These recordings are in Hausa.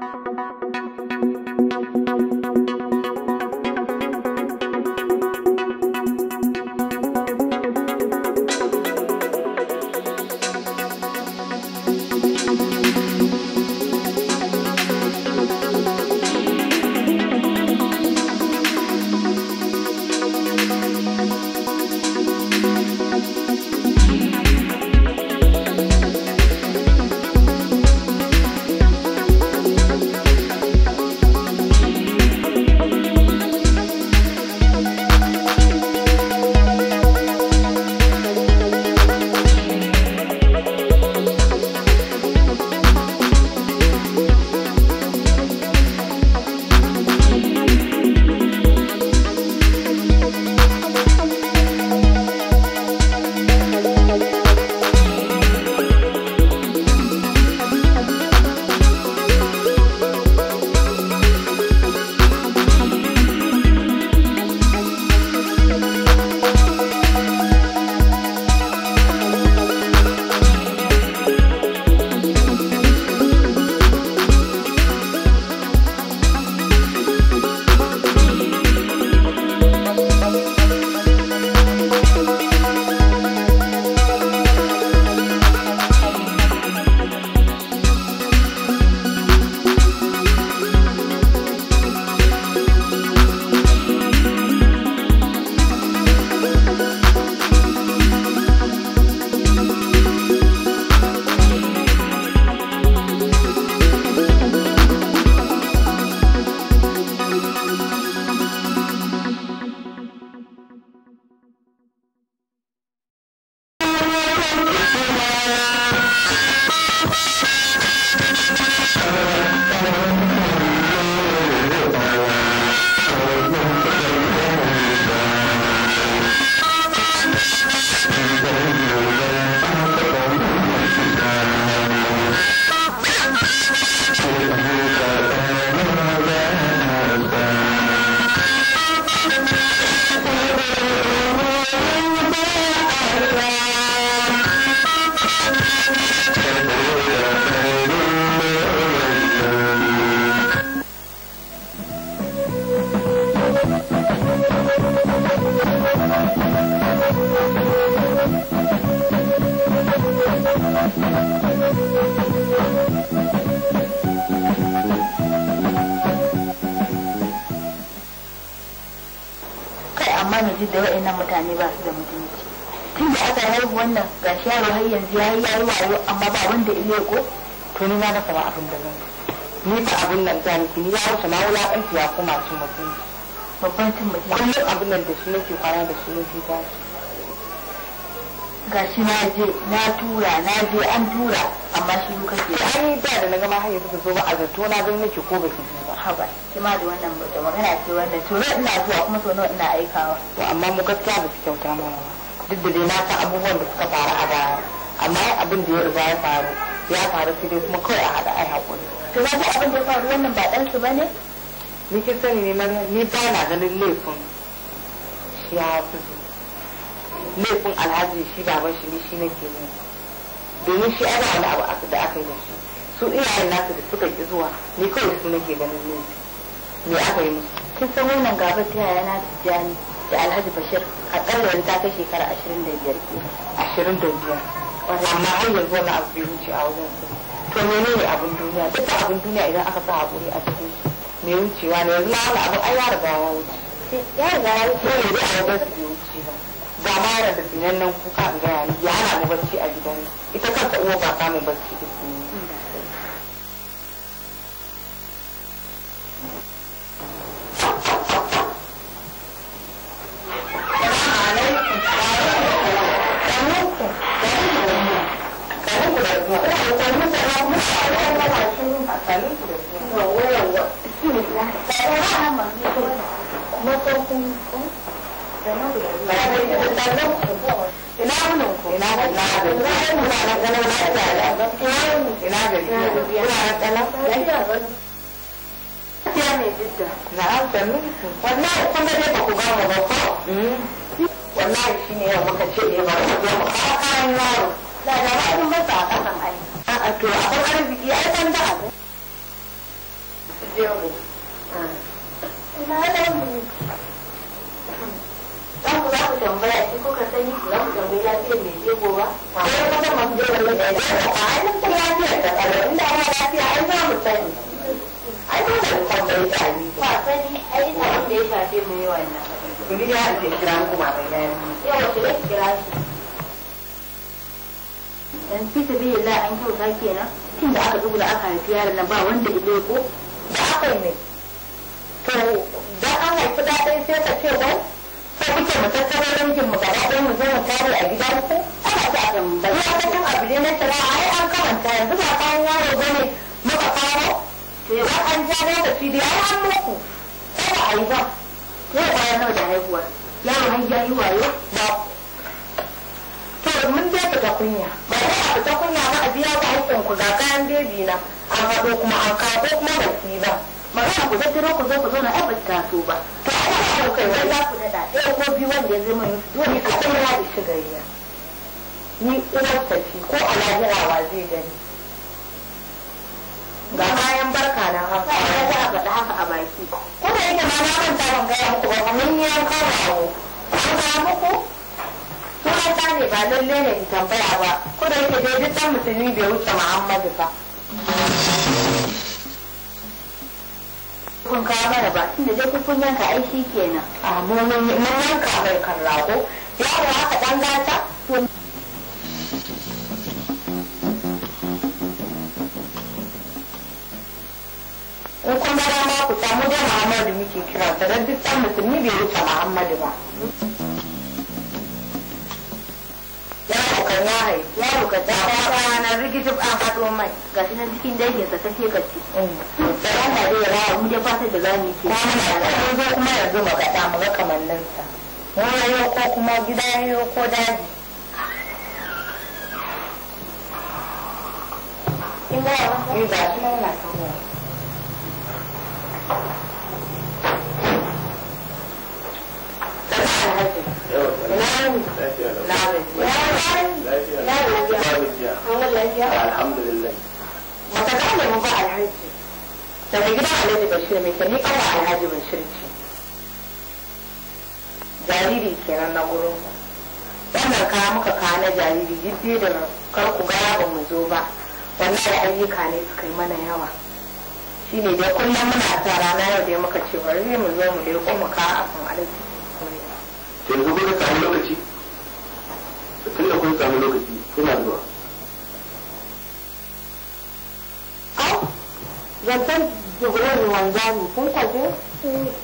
thank you amma na ji da wa'annan mutane ba su da mutunci tun da aka haihu wannan ga shi yaro har yanzu ya yi yaro wayo amma ba wanda ya ko to ni ma na sama abin da zan ni ba abin nan zan ku ni ya rasa na wulaƙanci ya kuma cin mutunci babban cin mutunci kullum abin nan da shi nake kwana da shi nake ba shi gashi na je na tura na je an tura amma shi duka ke ai da da na gama haihu yanzu zo ba a zato na gani nake ko ba baki ji haba kima da wannan da magana ce wannan to ina zuwa kuma to ina aikawa to amma mu gaskiya ba su kyauta ma. ba duk da dai na san abubuwan da suka faru a baya amma abin da ya riga ya faru ya faru su dai kuma kawai a haɗa ai haƙuri to na ji abin da ya faru wannan ba dan su bane ni kin sani ne mana ni ba na ganin laifin shi ya fi laifin alhaji shi baban shi ne shi nake ne domin shi ana wani abu da aka yi da shi su iyayen nasu da suka ki zuwa ni kawai su nake ganin ne me aka yi musu kin san wannan gaba ta yaya na tijjani da alhaji bashir a tsarin ta kai shekara ashirin da biyar ke ashirin da biyar amma har yanzu wani abu bai wuce a wajen su to mene ne abin duniya duk abin duniya idan aka sa haƙuri a cikin shi mai wucewa ne yanzu ma wani abu ai ya riga ya wuce ya riga ya wuce ne dai a wajen su bai wuce ba ga ma yana da sinannen kuka in gaya ni ya na mu bacci a gidan ita kanta uwa ba samun bacci da a to abin arziki ai ban za ku za ku tambaya shi kuka sani ku za ku tambayi lafiyar mai masu da ya a yi mutum lafiyar inda lafiya an za mu sani tambayi sani da ya shafe mu yi wannan. kuma bai Yawa ki kira shi. dan fi sabilillah an kyauta kenan cikin da aka da aka haifi yaron nan ba wanda ile ko da aka ne to da an haifi da dai sai ka ce wai ko kuke mu tattara dangin mu gaba ɗaya mu zo mu tare a gidan ku ana ta a tambayi ya ta cin abu ne na shari'a ai an kamanta yanzu ba kayan yaro bane muka faro sai an ja lokaci da ya an muku ko ba a yi ba ko ba nawa da haihuwa yaro har ya yi wayo ba to mun dai ta kunya ita ta ba a biya ku hakkin ku ga kayan bebi na an haɗo kuma an kawo ko kuma ba su yi ba magana ku tattaro ku zo ku zo na ai ba su taso ba to a kuma ku kai wani za ku daɗa ɗaya ko biyu wanda ya zama yi dole a kai ya da shi gari ya ni ina tafi ko a lahirawa zai gani ga kayan barka na haka ya za a haka a baki ko yake ma na kanta ban gaya muku ba kuma yi ya ba ko an muku mata ne ba lalle ne in tambaya ba ko da yake dai duk dan musulmi bai wuce Muhammadu ba kun kawo mana ba tunda dai kun kun yanka ai shi kenan a mun mun ka mai kan rago yaro haka dan gata in kuma ga ku samu da Muhammadu muke kira da duk dan musulmi bai wuce Muhammadu ba kan ya hai ya na rigijin an haɗo mai ga shi cikin ta ke mm. da zai rawa mu je da zamu ke zo kuma yanzu mu mu ga kamanninsa wani ko kuma gida yau ko daji Ina ba shi na kawo. Tsaron da hajji. Yau. Ina lafiya lafiya lafiya alhamdulillah wata kama mu ba alhaji daga gidan alhaji bashir mai kyau ni kawo alhaji bashir ce jariri kenan na gurin ku wannan kaya muka kawo na jariri jiddi da kar ku gaya ba mu zo ba wannan da ayyuka ne suka yi mana yawa shine dai kullum muna ta rana yau dai muka ce bari mu zo mu dai kuma ka akan alhaji yanzu gudu kawo lokaci tunda kun samu lokaci suna zuwa zancen jibirin ne kun kwaje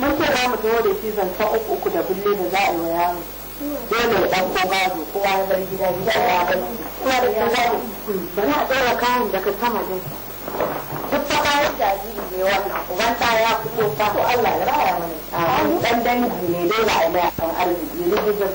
mun ce za mu tawo da shi zancen uku uku da bulle da za a yi wa yaro dole dan ko gado kowa ya bar gida gida ya bar kuma da ya gado bari a tsara kayan daga sama ne duk ta kayan jariri ne wannan uban ta ya fito ta ko Allah ya raya mana dan dangi ne dole a yi mai akan arziki rigijin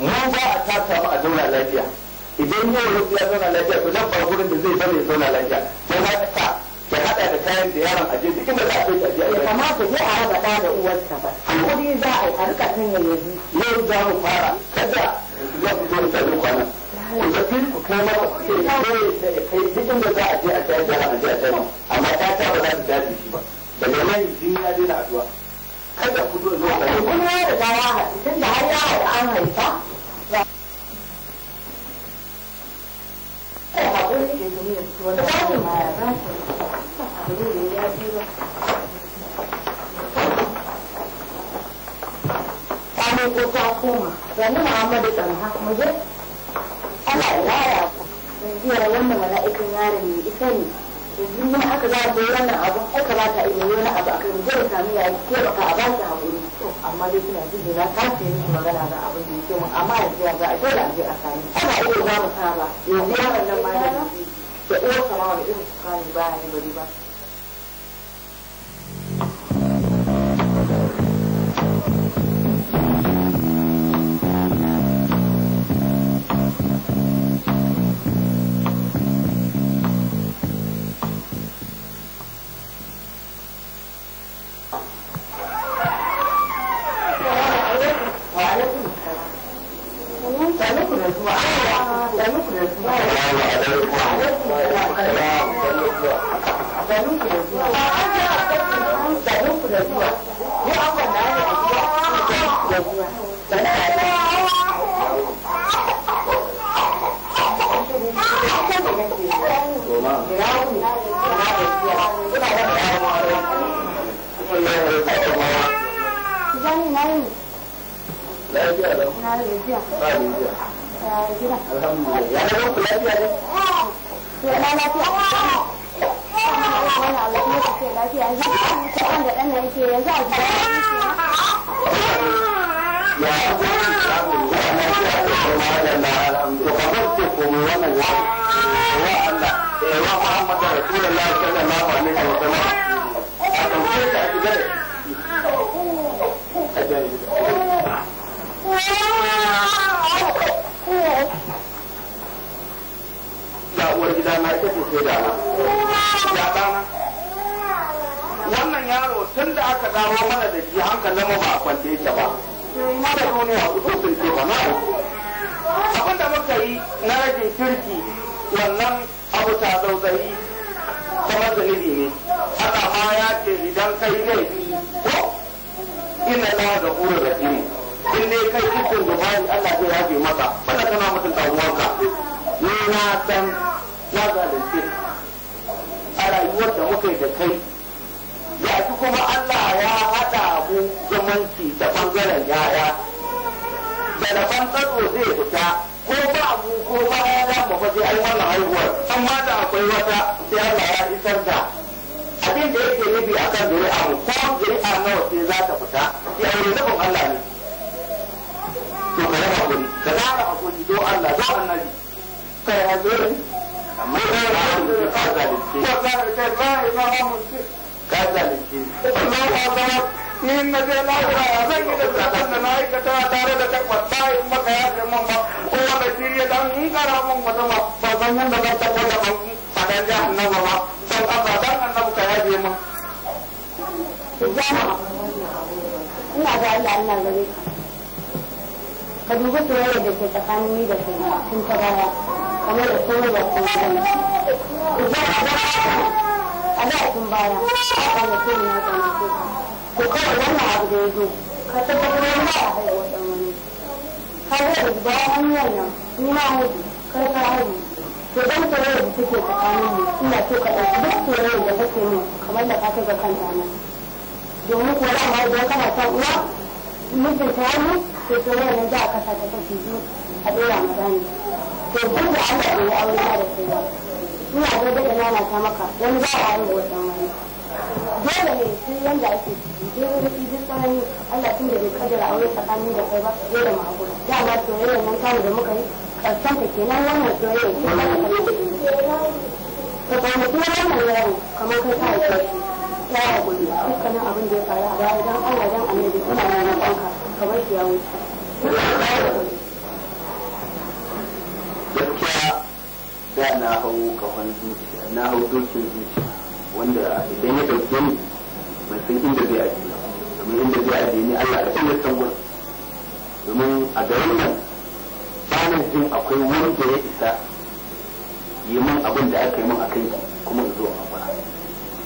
mu za a tasa mu a zauna lafiya idan yau rufi ya zauna lafiya to nan ba gurin da zai zama ya zauna lafiya don haka ke hada da kayan da yaron aje duk inda za a kai aje ya kamata ya a raba da uwarsa ba hakuri za a yi a rika sanya yanzu yau za mu fara kada ya fito da duk kwana ku zafi ku kai mata ku kai duk inda za a je a kai a aje a kai amma ta ta ba za ta dace shi ba daga nan jini ya dina addu'a kada ku zo zo da ne wani ya da ya tun da har ya haɗu an haifa gumi da su wanda za ne ya yanzu muhammadu ku yanzu ne ita yanzu aka za a koyi abu akan zai sami ya baka a ba ta haƙuri amma dai kina magana ga da yake mun amma yanzu a dole a je a sami ana iya za mu saba yanzu yaron nan ma da و اون تمام اون قضای باهلی و دیگه‌ها muku da zuwa da muku da zuwa ni an ban da ya da zuwa da Lafiya lau. Na lafiya. Ba lafiya. Alhamdulillah. Ya zama lafiya ne? Ya lafiya. wani abu ce ka ce lafiya yanzu ta an da ɗan yake yanzu a jiya Yeah. tun da aka dawo mana da shi hankalin mu ba kwance yake ba mara duniya ku sun ce ba na abin da muka yi na rajin kirki wannan abu ta zauzayi kuma zunubi ne haka ma ya ce idan kai ne. ko ga la da rahim in dai kai cikin zubari Allah zai yafe maka bada kana mutunta uwanka ni na san na zalunce a rayuwar da muka yi da kai kuma Allah ya haɗa mu zumunci da ɓangaren yaya da daban tsaro zai fita ko ba mu ko ba ya damu ba sai ai wannan haihuwar amma da akwai wata sai Allah ya isar da abin da yake nufi akan zuri'a mu ko a nawa sai za ta fita sai aure nufin Allah ne to ka raba hakuri ka zara hakuri don Allah za ka kai hakuri amma ba ka zalunce ko ka kai ka zalunce Allahu akbar in na lahira ya zan yi da zaɓen da na aikata tare da takwa in maka ya kai mun ba ko wanda shirya dan in kara mun wata ba san yanda zan taɓa da ban fadan jahannama ba san Allah dan annabu ka yaje mun jama'a ina ga Allah Allah gare ka ka dubi soyayya da ke tsakanin ni da kai tun ta baya kamar da kowa da kowa da a da tun baya a kwanakin na kwanakin to kawai wannan abu da ya zo ka tabbatar kuma ba a haihuwa ɗan wani ka zo da ba hanyar nan ni ma mutu kai ka haihu to dan tsoro da take tsakanin mu ina so ka ɗauki duk tsoro da take mu kamar da ka ta ga kanta na domin kuwa da ma idan kana son uwa mijin ta yi to tsoro ne za a kasa ta kashi biyu a ɗora magana to duk da Allah ya yi aure da ba. ina da daɗa lalata maka wani ba a yi wata wani dole ne sai yanda ake ciki dai wani ibi tsanani Allah tun da bai kaddara aure tsakanin da kai ba dole mu hakura dama soyayyar nan tamu da muka yi karshen ta kenan wannan soyayyar ta ba ta kwanaki wannan yaro kamar kai ta haife shi ya hakuri dukkanin abin da ya faru a baya don Allah don annabi kuma yana ɗanka kamar shi ya wuce. da na hau kafan zuciya na hau dokin zuciya wanda idan ya dauke ni ban san inda zai aje ni domin inda zai aje ni Allah da kuma san gurin domin a garin nan ba na jin akwai wurin da ya isa yi min abin da aka yi min akan ki kuma zo a kwana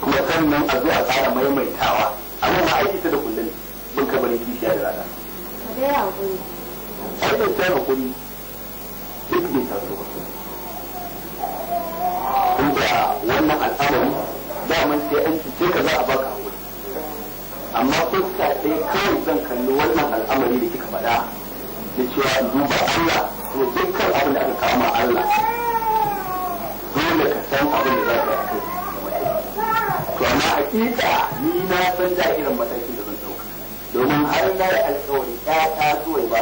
kuma sannan a zo a tsara maimaitawa amma ma aiki ta da kullum bin kabarin kishiya da rana. Ka dai hakuri. Ai da ta hakuri duk bai taso ba. wannan al'amari daman sai an cuce ka za a baka hakuri amma ka ɗaya kawai zan kalli wannan al'amari da kika faɗa da cewa duba Allah to dukkan abin da aka kama Allah dole ka san abin da za ka yi to amma hakika ni na san da irin matakin da zan ɗauka domin har na yi alƙawari ya ta zuwa ba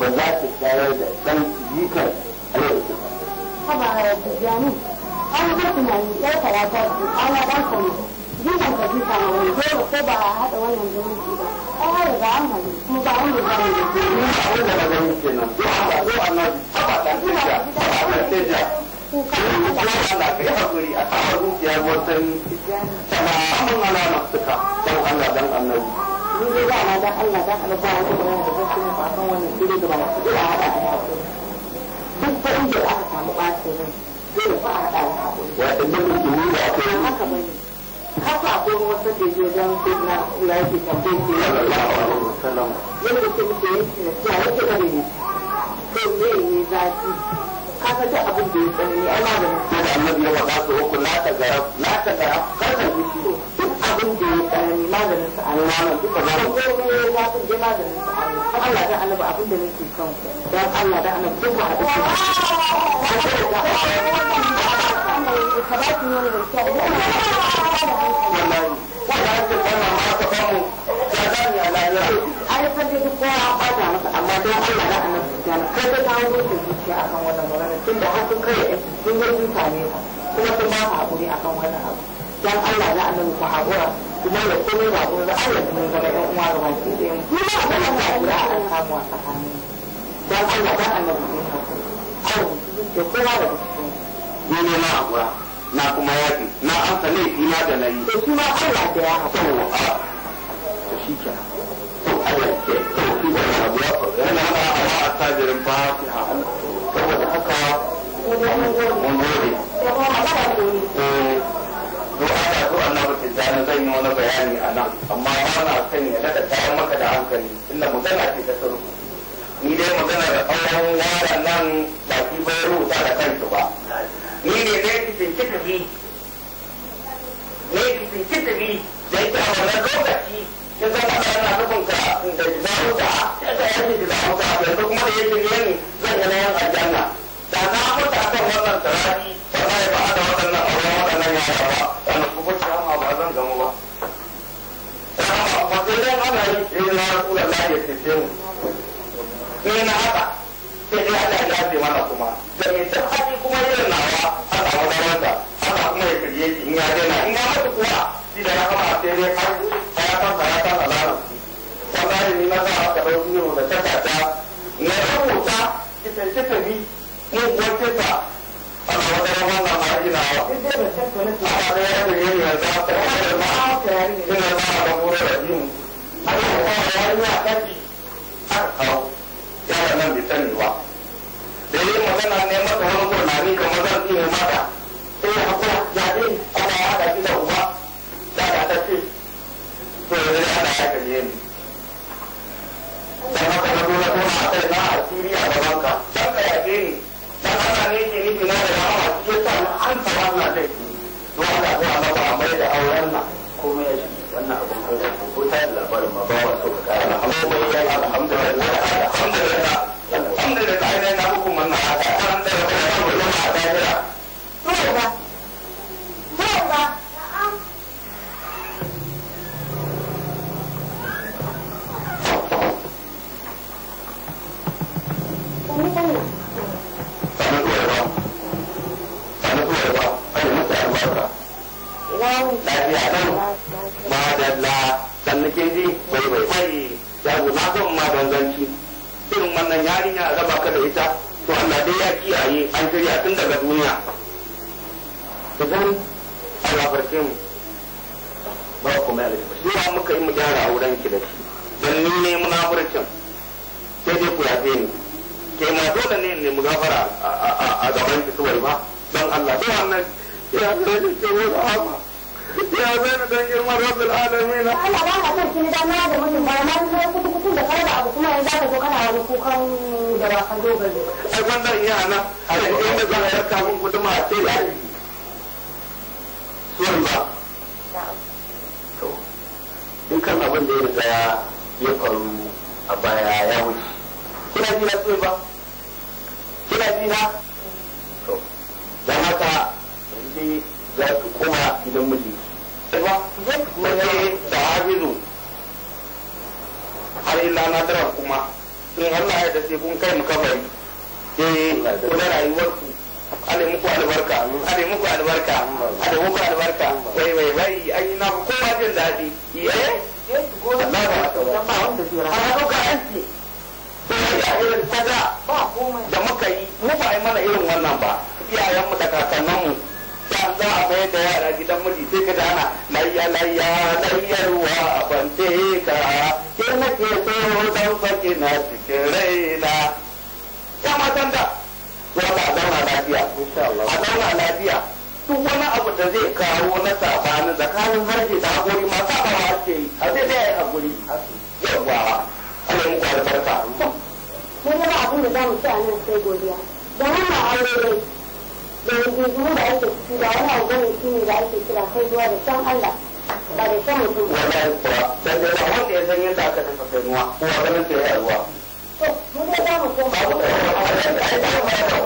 ba za ta shayar da ɗan jikar a yau da ba. an yi tunani yar karata ce ana dan kuma jikan ka ji kana wani dole ko ba a haɗa wannan zumunci ba ai har da an hadu kuma ba wanda za mu yi wanda da gani kenan ko a zo a nan ba ta ce ba ta ce ja ko ka Allah ka yi hakuri a kawo zuciya wasan tana amin na suka dan Allah dan annabi mun zo ba ma dan Allah dan Allah ba wani da zai kuma ba kan wannan dire da ba ku da hada duk da inda aka samu ɓacin rai dole ba a ba ne haka a kuma wasu da ke don suna ya ke tafi ke yadda ke muke yanki na cewa yake da ne to ne ne zafi ka ga ta abin da ya tsanani ai maganin ko da annabi ya faɗa to ku la ta garab ta garab kar ka ji duk abin da ya tsanani maganin sa Allah ne duka ba ko ne ya zafi da maganin sa Allah ko Allah da annabi abin da nake son dan Allah da annabi duk ba a duka mai tabakin ne da wannan wannan ma ka kowa an masa amma don Allah na annabi sufyan kai ka akan wannan magana tunda har kun kai akan wannan Allah na annabi ku hakura kuma da ko uwa ga baki ɗaya kuma abin da ya kura an a ni ne na haƙura na kuma yaƙi na amsa laifi na da na yi. Da shi ma Allah da ya haƙura. a to shi ke. To Allah ke to shi da na abu ya faru. Yana da awa a tajirin fatiha. Saboda haka mun gode. Zo Allah zo Allah ba ta zani zan yi wani bayani a nan amma ba na ne da ta kayan maka da hankali inda magana ke ta sarku. Ni dai magana da tsawon yaran nan ki bayar rubuta da da zamuka sai ka yanki da zamuka yanzu yi da yake ne zan ga nan aljanna da na mutu akan wannan tarafi wallahi ba da waɗannan auren waɗannan yara ba wannan kuma rahama ba zan gamu ba rahama ba sai dan ana yi eh na rasulullahi ya tace mu ne na haka sai dai Allah ya mana kuma da mai tafadi kuma yin nawa Allah madaranta Allah kuma ya kirye shi in ya daina in ya mutu kuwa shi da rahama sai dai har hayatan hayatan alalu karɓar biro da takarda ya rubuta kitan kitani in kuwa kisa gafarce mu ba kuma ya rufe shi muka yi mu gyara auren ki da shi dan ni ne munafurcin sai dai ku yafe ni kai ma dole ne ne mu gafara a gaban ki suwai ba dan Allah sai wannan ya zai da ke wani ama ya zai da dan girman rabbul alamin Allah ba ka son kin da na da mutum ba na zo kutu kutu da kai da abu kuma yanzu ka zo kana wani kukan da ba ka dogare ai wannan iya nan a yanzu da za ka yarka mun guduma sai ya irin ba to dukkan abin da ya riga ya faru a baya ya wuce kina ji na ba kina ji na to don haka yanzu za koma gidan miji ba mace da hafizu har kuma in Allah ya da sai kun kai mu kabari sai eh, kuna rayuwarku ade muku albarka ade muku albarka ade muku albarka wai wai wai ai na ku kowa jin dadi eh, eh, eh Allah ba ta ba ana dauka aiki ya da muka yi mu ba ai mana irin wannan ba iyayenmu da mu dan za a mai da yara gidan miji sai ka dana layya layya layyarwa a bante ka ke nake so dan sake na cikin raina ya matan da duk wani abu da zai kawo na sabani tsakanin harshe da hakuri ma sabawa ake yi a zai dai hakuri yawa Allah muku albarka mun ba abin da mu ci a nan sai godiya da wannan aure da yanzu da ake ciki da wani abu ne shi ne da ake kira kai zuwa da san Allah ba da san mutum wallahi kuwa dan da wanda ya san yadda aka tafi kai nuwa ko ganin ta yi ruwa to mun za mu koma ba da ai ba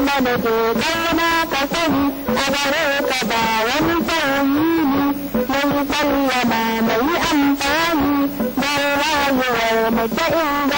mana dogon na ka sani a gare ka ba wani sauyi ne mun sallama mai amfani don rayuwar mu ta inda